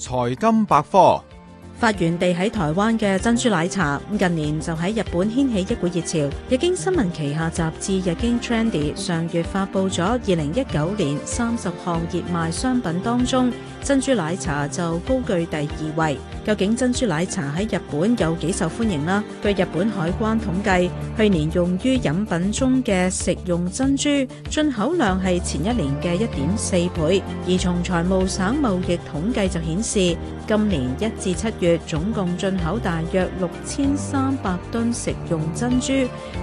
財經百科。發源地喺台灣嘅珍珠奶茶，近年就喺日本掀起一股熱潮。日經新聞旗下雜誌《日經 Trendy》上月發布咗二零一九年三十項熱賣商品當中，珍珠奶茶就高居第二位。究竟珍珠奶茶喺日本有幾受歡迎呢？據日本海關統計，去年用於飲品中嘅食用珍珠進口量係前一年嘅一點四倍。而從財務省貿易統計就顯示，今年一至七月總共進口大約六千三百噸食用珍珠，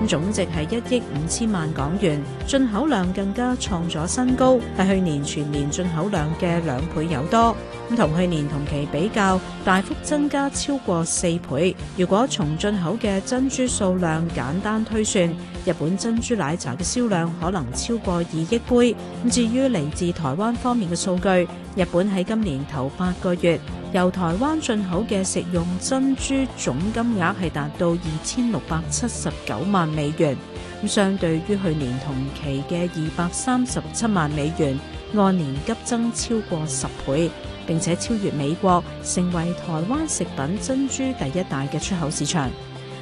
咁總值係一億五千萬港元，進口量更加創咗新高，係去年全年進口量嘅兩倍有多。咁同去年同期比較，大幅增加超過四倍。如果從進口嘅珍珠數量簡單推算，日本珍珠奶茶嘅銷量可能超過二億杯。至於嚟自台灣方面嘅數據，日本喺今年頭八個月。由台灣進口嘅食用珍珠總金額係達到二千六百七十九萬美元，咁相對於去年同期嘅二百三十七萬美元，按年急增超過十倍，並且超越美國，成為台灣食品珍珠第一大嘅出口市場。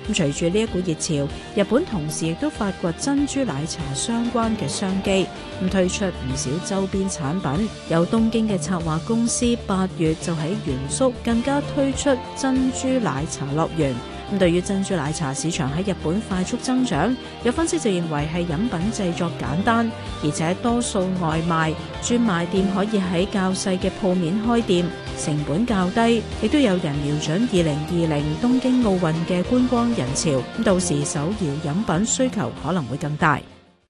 咁隨住呢一股熱潮，日本同時亦都發掘珍珠奶茶相關嘅商機，咁推出唔少周邊產品。有東京嘅策劃公司八月就喺原宿更加推出珍珠奶茶樂園。咁對於珍珠奶茶市場喺日本快速增長，有分析就認為係飲品製作簡單，而且多數外賣專賣店可以喺較細嘅鋪面開店。成本較低，亦都有人瞄準二零二零東京奧運嘅觀光人潮，到時手搖飲品需求可能會更大。